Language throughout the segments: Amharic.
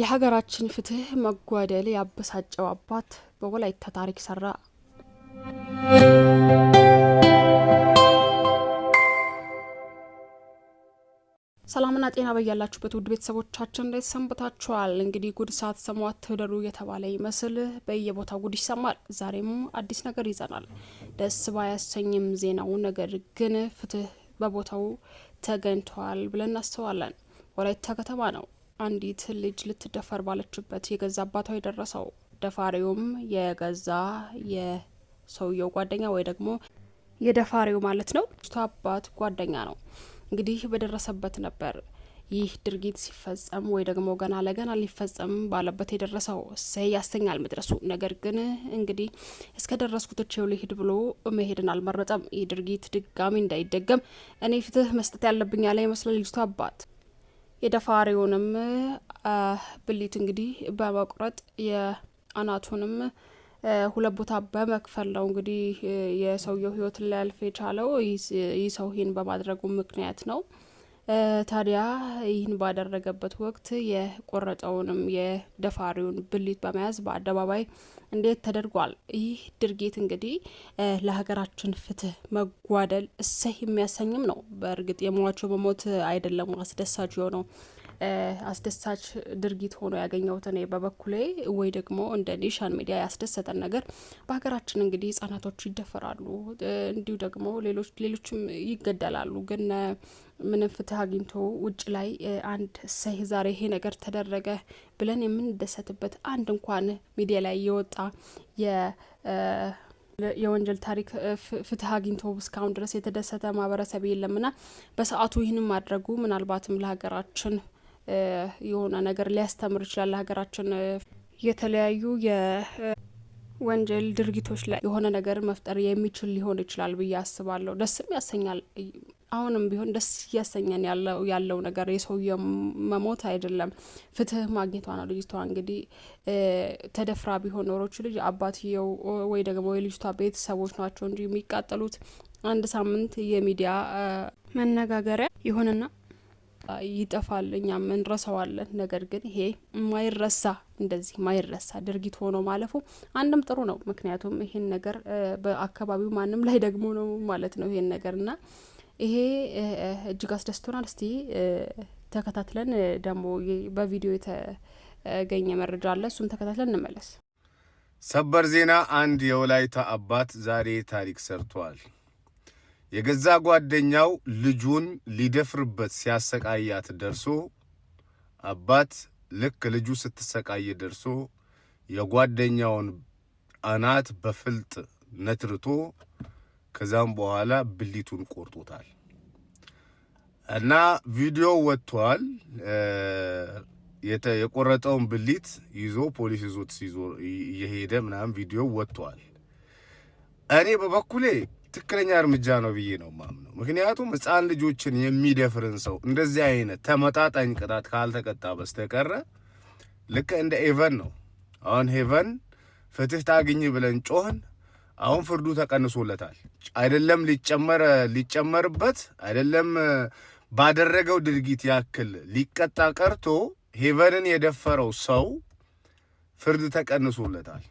የሀገራችን ፍትህ መጓደል ያበሳጨው አባት በወላይታ ታሪክ ሰራ። ሰላምና ጤና በያላችሁበት ውድ ቤተሰቦቻችን እንዴት ሰንብታችኋል? እንግዲህ ጉድ ሳትሰሙ አትደሩ የተባለ ይመስል በየቦታው ጉድ ይሰማል። ዛሬም አዲስ ነገር ይዘናል። ደስ ባያሰኝም ዜናው ነገር ግን ፍትህ በቦታው ተገኝቷል ብለን እናስተዋለን። ወላይታ ከተማ ነው አንዲት ልጅ ልትደፈር ባለችበት የገዛ አባቷ የደረሰው ደፋሪውም የገዛ የሰውየው ጓደኛ ወይ ደግሞ የደፋሪው ማለት ነው ልጅቷ አባት ጓደኛ ነው። እንግዲህ በደረሰበት ነበር ይህ ድርጊት ሲፈጸም ወይ ደግሞ ገና ለገና ሊፈጸም ባለበት የደረሰው ሰይ ያሰኛል መድረሱ። ነገር ግን እንግዲህ እስከ ደረስኩት ቼው ልሂድ ብሎ መሄድን አልመረጠም። ይህ ድርጊት ድጋሚ እንዳይደገም እኔ ፍትህ መስጠት ያለብኝ ያለ ይመስላል ልጅቷ አባት የደፋሪውንም ብልት እንግዲህ በመቁረጥ የአናቱንም ሁለት ቦታ በመክፈል ነው እንግዲህ የሰውየው ህይወትን ሊያልፍ የቻለው። ይህ ሰው ይህን በማድረጉ ምክንያት ነው። ታዲያ ይህን ባደረገበት ወቅት የቆረጠውንም የደፋሪውን ብልት በመያዝ በአደባባይ እንዴት ተደርጓል። ይህ ድርጊት እንግዲህ ለሀገራችን ፍትህ መጓደል እሰህ የሚያሰኝም ነው። በእርግጥ የሟቸው በሞት አይደለም አስደሳች የሆነው አስደሳች ድርጊት ሆኖ ያገኘሁት እኔ በበኩሌ ወይ ደግሞ እንደ ኔሻን ሚዲያ ያስደሰተን ነገር በሀገራችን እንግዲህ ህጻናቶች ይደፈራሉ፣ እንዲሁ ደግሞ ሌሎች ሌሎችም ይገደላሉ። ግን ምንም ፍትህ አግኝቶ ውጭ ላይ አንድ ሰህ ዛሬ ይሄ ነገር ተደረገ ብለን የምንደሰትበት አንድ እንኳን ሚዲያ ላይ የወጣ የወንጀል ታሪክ ፍትህ አግኝቶ እስካሁን ድረስ የተደሰተ ማህበረሰብ የለምና በሰዓቱ ይህንን ማድረጉ ምናልባትም ለሀገራችን የሆነ ነገር ሊያስተምር ይችላል። ሀገራችን የተለያዩ የወንጀል ድርጊቶች ላይ የሆነ ነገር መፍጠር የሚችል ሊሆን ይችላል ብዬ አስባለሁ። ደስም ያሰኛል። አሁንም ቢሆን ደስ እያሰኘን ያለው ነገር የሰውየው መሞት አይደለም፣ ፍትህ ማግኘቷ ነው። ልጅቷ እንግዲህ ተደፍራ ቢሆን ኖሮች ልጅ አባትየው ወይ ደግሞ የልጅቷ ቤተሰቦች ናቸው እንጂ የሚቃጠሉት አንድ ሳምንት የሚዲያ መነጋገሪያ ይሁንና ይጠፋል፣ እኛም እንረሳዋለን። ነገር ግን ይሄ ማይረሳ እንደዚህ ማይረሳ ድርጊት ሆኖ ማለፉ አንድም ጥሩ ነው። ምክንያቱም ይሄን ነገር በአካባቢው ማንም ላይ ደግሞ ነው ማለት ነው ይሄን ነገር እና ይሄ እጅግ አስደስቶናል። እስቲ ተከታትለን ደግሞ በቪዲዮ የተገኘ መረጃ አለ፣ እሱን ተከታትለን እንመለስ። ሰበር ዜና፣ አንድ የወላይታ አባት ዛሬ ታሪክ ሰርቷል። የገዛ ጓደኛው ልጁን ሊደፍርበት ሲያሰቃያት ደርሶ አባት ልክ ልጁ ስትሰቃይ ደርሶ የጓደኛውን አናት በፍልጥ ነትርቶ ከዛም በኋላ ብሊቱን ቆርጦታል እና ቪዲዮ ወጥቷል። የቆረጠውን ብሊት ይዞ ፖሊስ ይዞት እየሄደ ምናምን ቪዲዮ ወጥቷል። እኔ በበኩሌ ትክክለኛ እርምጃ ነው ብዬ ነው ማምነው። ምክንያቱም ህፃን ልጆችን የሚደፍርን ሰው እንደዚህ አይነት ተመጣጣኝ ቅጣት ካልተቀጣ በስተቀረ ልክ እንደ ኤቨን ነው። አሁን ሄቨን ፍትህ ታግኝ ብለን ጮህን። አሁን ፍርዱ ተቀንሶለታል። አይደለም ሊጨመር ሊጨመርበት አይደለም ባደረገው ድርጊት ያክል ሊቀጣ ቀርቶ ሄቨንን የደፈረው ሰው ፍርድ ተቀንሶለታል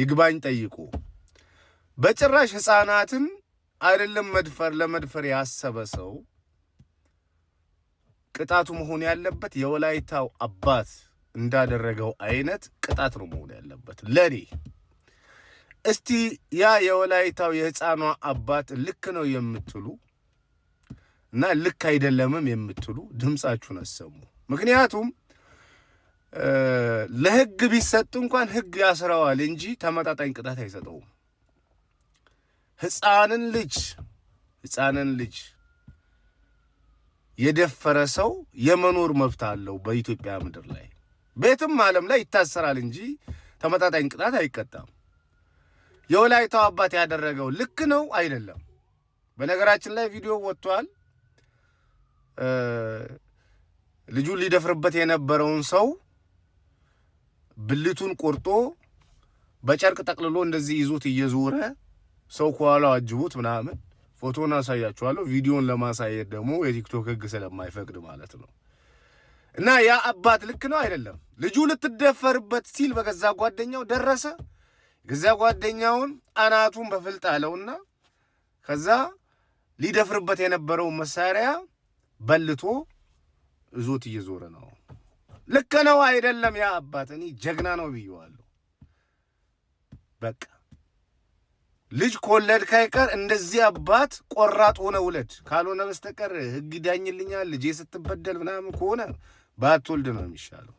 ይግባኝ ጠይቆ በጭራሽ ህፃናትን አይደለም መድፈር ለመድፈር ያሰበ ሰው ቅጣቱ መሆን ያለበት የወላይታው አባት እንዳደረገው አይነት ቅጣት ነው መሆን ያለበት ለኔ። እስቲ ያ የወላይታው የህፃኗ አባት ልክ ነው የምትሉ እና ልክ አይደለምም የምትሉ ድምፃችሁን አሰሙ። ምክንያቱም ለህግ ቢሰጥ እንኳን ህግ ያስረዋል እንጂ ተመጣጣኝ ቅጣት አይሰጠውም። ህፃንን ልጅ ህፃንን ልጅ የደፈረ ሰው የመኖር መብት አለው በኢትዮጵያ ምድር ላይ በየትም ዓለም ላይ ይታሰራል እንጂ ተመጣጣኝ ቅጣት አይቀጣም። የወላይታው አባት ያደረገው ልክ ነው አይደለም? በነገራችን ላይ ቪዲዮ ወጥቷል። ልጁን ሊደፍርበት የነበረውን ሰው ብልቱን ቆርጦ በጨርቅ ጠቅልሎ እንደዚህ ይዞት እየዞረ ሰው ከኋላው አጅቡት ምናምን ፎቶን አሳያችኋለሁ። ቪዲዮን ለማሳየት ደግሞ የቲክቶክ ህግ ስለማይፈቅድ ማለት ነው። እና ያ አባት ልክ ነው አይደለም? ልጁ ልትደፈርበት ሲል በገዛ ጓደኛው ደረሰ። ገዛ ጓደኛውን አናቱን በፍልጥ አለውና ከዛ ሊደፍርበት የነበረውን መሳሪያ በልቶ እዞት እየዞረ ነው። ልክ ነው አይደለም? ያ አባት እኔ ጀግና ነው ብየዋለሁ። በቃ ልጅ ከወለድ ካይቀር እንደዚህ አባት ቆራጥ ሆነ ውለድ። ካልሆነ በስተቀር ህግ ዳኝልኛል ልጄ ስትበደል ምናምን ከሆነ ባትወልድ ነው የሚሻለው።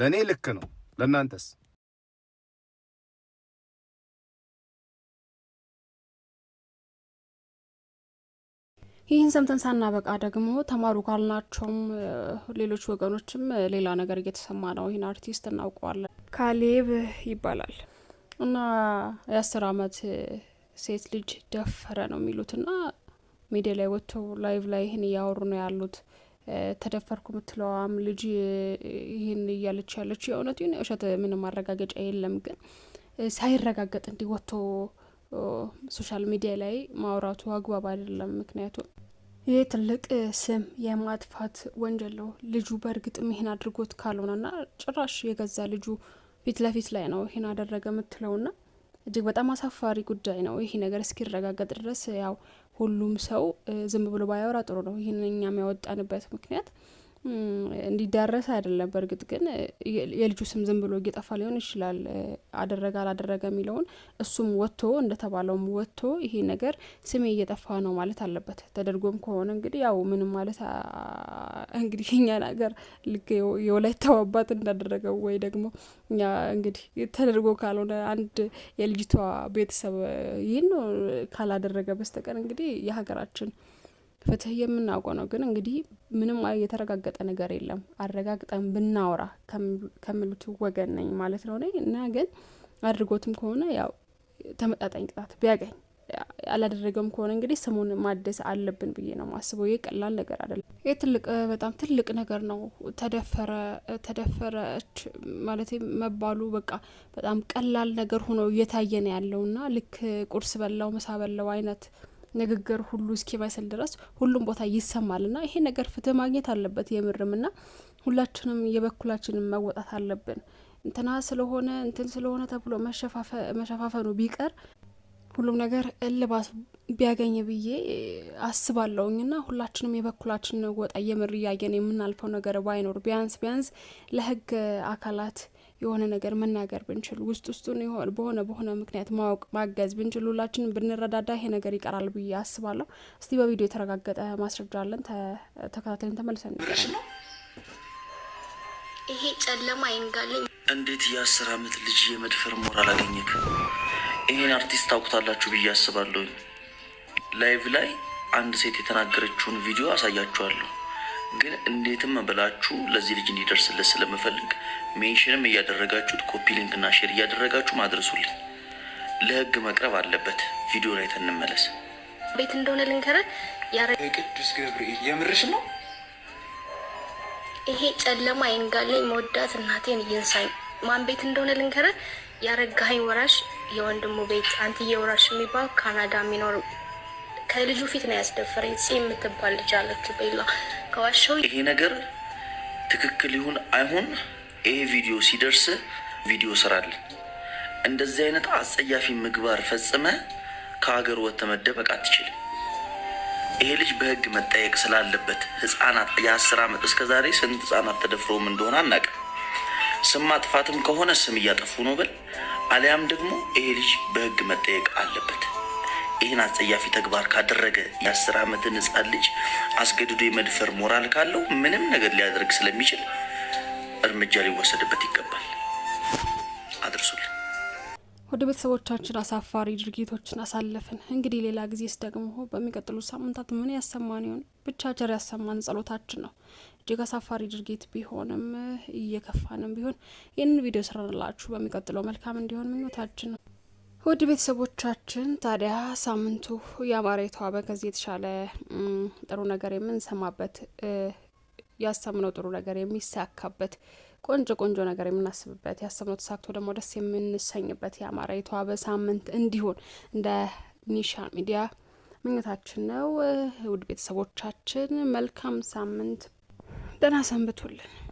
ለእኔ ልክ ነው። ለእናንተስ? ይህን ሰምተን ሳናበቃ ደግሞ ተማሩ ካልናቸውም ሌሎች ወገኖችም ሌላ ነገር እየተሰማ ነው። ይህን አርቲስት እናውቀዋለን። ካሌብ ይባላል። እና የአስር አመት ሴት ልጅ ደፈረ ነው የሚሉት እና ሚዲያ ላይ ወጥቶ ላይቭ ላይ ይህን እያወሩ ነው ያሉት። ተደፈርኩ የምትለዋም ልጅ ይህን እያለች ያለች የእውነት ይሁን እሸት ምንም ማረጋገጫ የለም፣ ግን ሳይረጋገጥ እንዲህ ወጥቶ ሶሻል ሚዲያ ላይ ማውራቱ አግባብ አይደለም። ምክንያቱም ይህ ትልቅ ስም የማጥፋት ወንጀል ነው። ልጁ በእርግጥም ይህን አድርጎት ካልሆነና ጭራሽ የገዛ ልጁ ፊት ለፊት ላይ ነው ይሄን አደረገ የምትለውና እጅግ በጣም አሳፋሪ ጉዳይ ነው። ይሄ ነገር እስኪረጋገጥ ድረስ ያው ሁሉም ሰው ዝም ብሎ ባያወራ ጥሩ ነው። ይህን እኛም ያወጣንበት ምክንያት እንዲዳረስ አይደለም። በእርግጥ ግን የልጁ ስም ዝም ብሎ እየጠፋ ሊሆን ይችላል። አደረገ አላደረገ የሚለውን እሱም ወጥቶ እንደተባለውም ወጥቶ ይሄ ነገር ስሜ እየጠፋ ነው ማለት አለበት። ተደርጎም ከሆነ እንግዲህ ያው ምንም ማለት እንግዲህ እኛን ነገር ልክ የወላይታው አባት እንዳደረገው ወይ ደግሞ እኛ እንግዲህ ተደርጎ ካልሆነ አንድ የልጅቷ ቤተሰብ ይህን ካላደረገ በስተቀር እንግዲህ የሀገራችን ፍትህ የምናውቀው ነው። ግን እንግዲህ ምንም የተረጋገጠ ነገር የለም። አረጋግጠን ብናወራ ከሚሉት ወገን ነኝ ማለት ነው እና ግን አድርጎትም ከሆነ ያው ተመጣጣኝ ቅጣት ቢያገኝ ያላደረገም ከሆነ እንግዲህ ስሙን ማደስ አለብን ብዬ ነው ማስበው። ይህ ቀላል ነገር አይደለም። ይህ ትልቅ በጣም ትልቅ ነገር ነው። ተደፈረ ተደፈረች ማለት መባሉ በቃ በጣም ቀላል ነገር ሆኖ እየታየ ነው ያለውና ልክ ቁርስ በላው ምሳ በላው አይነት ንግግር ሁሉ እስኪመስል ድረስ ሁሉም ቦታ ይሰማል ና ይሄ ነገር ፍትህ ማግኘት አለበት የምርም ና ሁላችንም የበኩላችንን መወጣት አለብን። እንትና ስለሆነ እንትን ስለሆነ ተብሎ መሸፋፈኑ ቢቀር ሁሉም ነገር እልባት ቢያገኝ ብዬ አስባለውኝ ና ሁላችንም የበኩላችንን ወጣ የምር እያየን የምናልፈው ነገር ባይኖር ቢያንስ ቢያንስ ለህግ አካላት የሆነ ነገር መናገር ብንችል ውስጥ ውስጡን በሆነ በሆነ ምክንያት ማወቅ ማገዝ ብንችል ሁላችን ብንረዳዳ ይሄ ነገር ይቀራል ብዬ አስባለሁ። እስቲ በቪዲዮ የተረጋገጠ ማስረጃ አለን፣ ተከታተልን፣ ተመልሰን ይሄ ጨለማ ይንጋለኝ። እንዴት የአስር አመት ልጅ የመድፈር ሞራል አገኘክ? ይህን አርቲስት ታውቁታላችሁ ብዬ አስባለሁ። ላይቭ ላይ አንድ ሴት የተናገረችውን ቪዲዮ አሳያችኋለሁ። ግን እንዴትም ብላችሁ ለዚህ ልጅ እንዲደርስለት ስለምፈልግ ሜንሽንም እያደረጋችሁት ኮፒ ሊንክ እና ሼር እያደረጋችሁ ማድረሱልኝ። ለህግ መቅረብ አለበት። ቪዲዮ ላይ ተንመለስ። ቤት እንደሆነ ልንከረ ቅዱስ ገብርኤል የምርሽ ነው? ይሄ ጨለማ ይንጋለኝ መወዳት እናቴን እየንሳኝ ማን ቤት እንደሆነ ልንከረ ያረጋኸኝ ወራሽ የወንድሙ ቤት አንትዬ ወራሽ የሚባል ካናዳ የሚኖር ከልጁ ፊት ነው ያስደፈረኝ። ጽ የምትባል ልጅ አለችው በላ ከዋሸው ይሄ ነገር ትክክል ይሁን አይሁን ይሄ ቪዲዮ ሲደርስ ቪዲዮ ስራለን። እንደዚህ አይነት አጸያፊ ምግባር ፈጽመ ከሀገር ወጥተህ መደበቅ አትችልም። ይሄ ልጅ በህግ መጠየቅ ስላለበት ህጻናት የአስር ዓመት እስከ ዛሬ ስንት ህጻናት ተደፍረውም እንደሆነ አናውቅም። ስም ማጥፋትም ከሆነ ስም እያጠፉ ነው በል፣ አሊያም ደግሞ ይሄ ልጅ በህግ መጠየቅ አለበት። ይህን አጸያፊ ተግባር ካደረገ የአስር ዓመትን ህፃን ልጅ አስገድዶ የመድፈር ሞራል ካለው ምንም ነገር ሊያደርግ ስለሚችል እርምጃ ሊወሰድበት ይገባል። አድርሱልን። ወደ ቤተሰቦቻችን አሳፋሪ ድርጊቶችን አሳለፍን። እንግዲህ ሌላ ጊዜስ ደግሞ በሚቀጥሉ ሳምንታት ምን ያሰማን ይሆን? ብቻ ቸር ያሰማን ጸሎታችን ነው። እጅግ አሳፋሪ ድርጊት ቢሆንም እየከፋንም ቢሆን ይህንን ቪዲዮ ስራላችሁ በሚቀጥለው መልካም እንዲሆን ምኞታችን ነው። ውድ ቤተሰቦቻችን ታዲያ ሳምንቱ ያማረ የተዋበ ከዚህ የተሻለ ጥሩ ነገር የምንሰማበት ያሰምነው ጥሩ ነገር የሚሳካበት ቆንጆ ቆንጆ ነገር የምናስብበት ያሰምነው ተሳክቶ ደግሞ ደስ የምንሰኝበት ያማረ የተዋበ ሳምንት እንዲሆን እንደ ኒሻ ሚዲያ ምኞታችን ነው። ውድ ቤተሰቦቻችን መልካም ሳምንት፣ ደህና ሰንብቱልን።